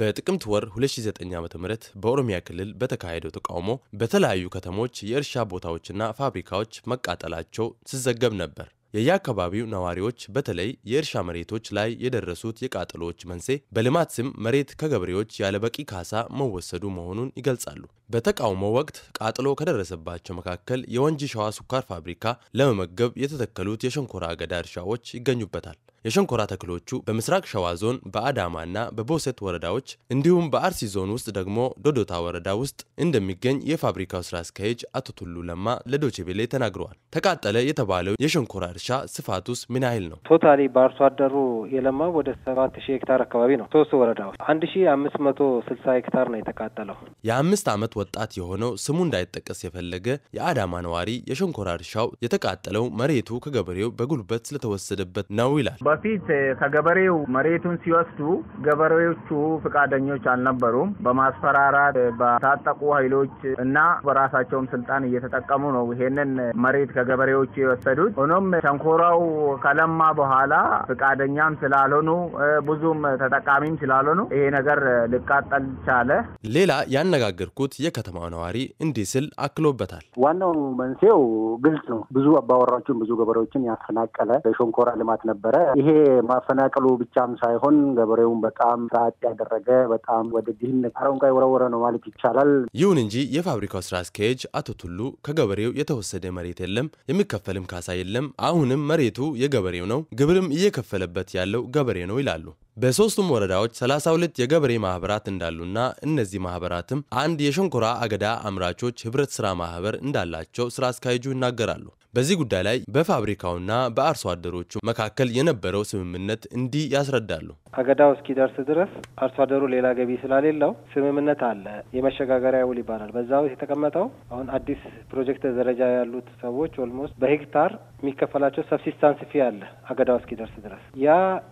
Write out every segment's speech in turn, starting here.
በጥቅምት ወር 2009 ዓ ም በኦሮሚያ ክልል በተካሄደው ተቃውሞ በተለያዩ ከተሞች የእርሻ ቦታዎችና ፋብሪካዎች መቃጠላቸው ሲዘገብ ነበር። የየአካባቢው ነዋሪዎች በተለይ የእርሻ መሬቶች ላይ የደረሱት የቃጠሎዎች መንሴ በልማት ስም መሬት ከገበሬዎች ያለበቂ ካሳ መወሰዱ መሆኑን ይገልጻሉ። በተቃውሞ ወቅት ቃጥሎ ከደረሰባቸው መካከል የወንጂ ሸዋ ስኳር ፋብሪካ ለመመገብ የተተከሉት የሸንኮራ አገዳ እርሻዎች ይገኙበታል። የሸንኮራ ተክሎቹ በምስራቅ ሸዋ ዞን በአዳማና በቦሴት ወረዳዎች እንዲሁም በአርሲ ዞን ውስጥ ደግሞ ዶዶታ ወረዳ ውስጥ እንደሚገኝ የፋብሪካው ስራ አስኪያጅ አቶ ቱሉ ለማ ለዶችቤሌ ተናግረዋል። ተቃጠለ የተባለው የሸንኮራ እርሻ ስፋት ውስጥ ምን ያህል ነው? ቶታሊ በአርሶ አደሩ የለማው ወደ ሰባት ሺህ ሄክታር አካባቢ ነው። ሶስት ውስጥ አንድ ሺህ አምስት መቶ ስልሳ ሄክታር ነው የተቃጠለው። የአምስት ዓመት ወጣት የሆነው ስሙ እንዳይጠቀስ የፈለገ የአዳማ ነዋሪ የሸንኮራ እርሻው የተቃጠለው መሬቱ ከገበሬው በጉልበት ስለተወሰደበት ነው ይላል። በፊት eh, ከገበሬው መሬቱን ሲወስዱ ገበሬዎቹ ፈቃደኞች አልነበሩም። በማስፈራራት eh, በታጠቁ ኃይሎች እና በራሳቸውም ስልጣን እየተጠቀሙ ነው ይሄንን መሬት ከገበሬዎቹ የወሰዱት። ሆኖም ሸንኮራው ከለማ በኋላ ፈቃደኛም ስላልሆኑ eh, ብዙም ተጠቃሚም ስላልሆኑ ይሄ ነገር ሊቃጠል ቻለ። ሌላ ያነጋገርኩት የከተማው ነዋሪ እንዲህ ስል አክሎበታል። ዋናው መንስኤው ግልጽ ነው። ብዙ አባወራዎችን ብዙ ገበሬዎችን ያፈናቀለ የሸንኮራ ልማት ነበረ። ይሄ ማፈናቀሉ ብቻም ሳይሆን ገበሬውን በጣም ራጥ ያደረገ በጣም ወደ ድህነት አረንቋ የወረወረ ነው ማለት ይቻላል። ይሁን እንጂ የፋብሪካው ስራ አስኪያጅ አቶ ቱሉ ከገበሬው የተወሰደ መሬት የለም፣ የሚከፈልም ካሳ የለም። አሁንም መሬቱ የገበሬው ነው፣ ግብርም እየከፈለበት ያለው ገበሬ ነው ይላሉ። በሦስቱም ወረዳዎች 32 የገበሬ ማህበራት እንዳሉና እነዚህ ማህበራትም አንድ የሸንኮራ አገዳ አምራቾች ህብረት ሥራ ማህበር እንዳላቸው ሥራ አስኪያጁ ይናገራሉ። በዚህ ጉዳይ ላይ በፋብሪካውና በአርሶ አደሮቹ መካከል የነበረው ስምምነት እንዲህ ያስረዳሉ። አገዳው እስኪደርስ ድረስ አርሶ አደሩ ሌላ ገቢ ስለሌለው ስምምነት አለ። የመሸጋገሪያ ውል ይባላል። በዛ ውስጥ የተቀመጠው አሁን አዲስ ፕሮጀክት ደረጃ ያሉት ሰዎች ኦልሞስት በሄክታር የሚከፈላቸው ሰብሲስታንስ ፊ አለ። አገዳው እስኪደርስ ድረስ ያ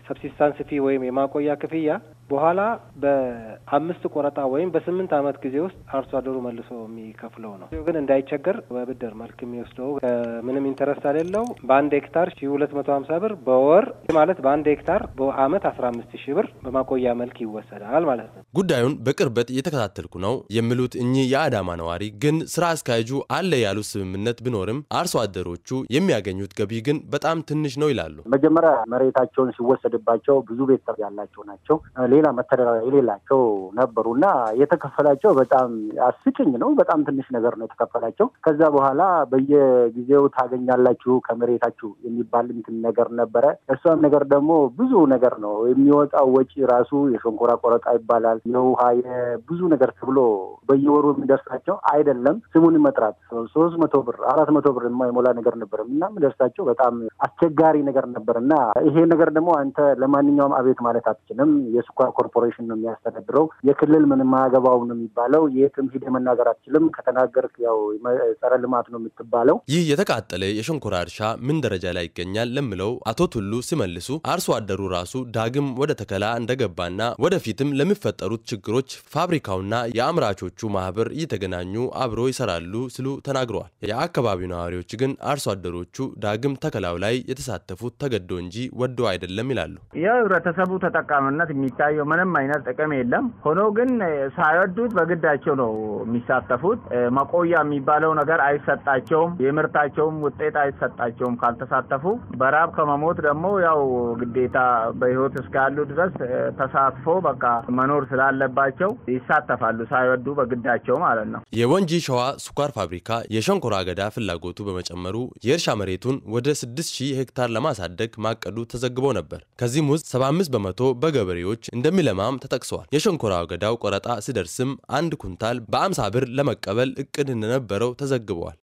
ሰብሲስታንስ ፊ ወይም የማቆያ ክፍያ በኋላ በአምስት ቆረጣ ወይም በስምንት ዓመት ጊዜ ውስጥ አርሶ አደሩ መልሶ የሚከፍለው ነው። ግን እንዳይቸገር በብድር መልክ የሚወስደው ምንም ኢንተረስት አሌለው። በአንድ ሄክታር ሺ ሁለት መቶ ሀምሳ ብር በወር ማለት በአንድ ሄክታር በአመት አስራ አምስት ሺ ብር በማቆያ መልክ ይወሰዳል ማለት ነው። ጉዳዩን በቅርበት እየተከታተልኩ ነው የሚሉት እኚህ የአዳማ ነዋሪ ግን ስራ አስኪያጁ አለ ያሉት ስምምነት ቢኖርም አርሶ አደሮቹ የሚያገኙት ገቢ ግን በጣም ትንሽ ነው ይላሉ። መጀመሪያ መሬታቸውን ሲወሰድባቸው ብዙ ቤተሰብ ያላቸው ናቸው። ሌላ መተዳደሪያ የሌላቸው ነበሩ እና የተከፈላቸው በጣም አስቂኝ ነው። በጣም ትንሽ ነገር ነው የተከፈላቸው። ከዛ በኋላ በየጊዜው ታ ታገኛላችሁ ከመሬታችሁ የሚባል እንትን ነገር ነበረ። እሷም ነገር ደግሞ ብዙ ነገር ነው የሚወጣው ወጪ ራሱ የሸንኮራ ቆረጣ ይባላል፣ የውሃ የብዙ ነገር ተብሎ በየወሩ የሚደርሳቸው አይደለም ስሙን መጥራት ሶስት መቶ ብር አራት መቶ ብር የማይሞላ ነገር ነበር እና የሚደርሳቸው በጣም አስቸጋሪ ነገር ነበር እና ይሄ ነገር ደግሞ አንተ ለማንኛውም አቤት ማለት አትችልም። የስኳር ኮርፖሬሽን ነው የሚያስተዳድረው። የክልል ምንም አያገባው ነው የሚባለው። የትም ሂደ መናገር አትችልም። ከተናገርክ ያው ጸረ ልማት ነው የምትባለው። ይህ የተቃጠ የተቃጠለ የሸንኮራ እርሻ ምን ደረጃ ላይ ይገኛል ለምለው አቶ ቱሉ ሲመልሱ አርሶ አደሩ ራሱ ዳግም ወደ ተከላ እንደገባና ወደፊትም ለሚፈጠሩት ችግሮች ፋብሪካውና የአምራቾቹ ማህበር እየተገናኙ አብሮ ይሰራሉ ሲሉ ተናግረዋል። የአካባቢው ነዋሪዎች ግን አርሶ አደሮቹ ዳግም ተከላው ላይ የተሳተፉት ተገዶ እንጂ ወዶ አይደለም ይላሉ። የህብረተሰቡ ተጠቃሚነት የሚታየው ምንም አይነት ጥቅም የለም። ሆኖ ግን ሳይወዱት በግዳቸው ነው የሚሳተፉት። መቆያ የሚባለው ነገር አይሰጣቸውም። የምርታቸውም ምንም ውጤት አይሰጣቸውም ካልተሳተፉ። በራብ ከመሞት ደግሞ ያው ግዴታ በህይወት እስካሉ ድረስ ተሳትፎ በቃ መኖር ስላለባቸው ይሳተፋሉ፣ ሳይወዱ በግዳቸው ማለት ነው። የወንጂ ሸዋ ስኳር ፋብሪካ የሸንኮራ አገዳ ፍላጎቱ በመጨመሩ የእርሻ መሬቱን ወደ 6000 ሄክታር ለማሳደግ ማቀዱ ተዘግቦ ነበር። ከዚህም ውስጥ 75 በመቶ በገበሬዎች እንደሚለማም ተጠቅሰዋል። የሸንኮራ አገዳው ቆረጣ ሲደርስም አንድ ኩንታል በ50 ብር ለመቀበል እቅድ እንደነበረው ተዘግበዋል።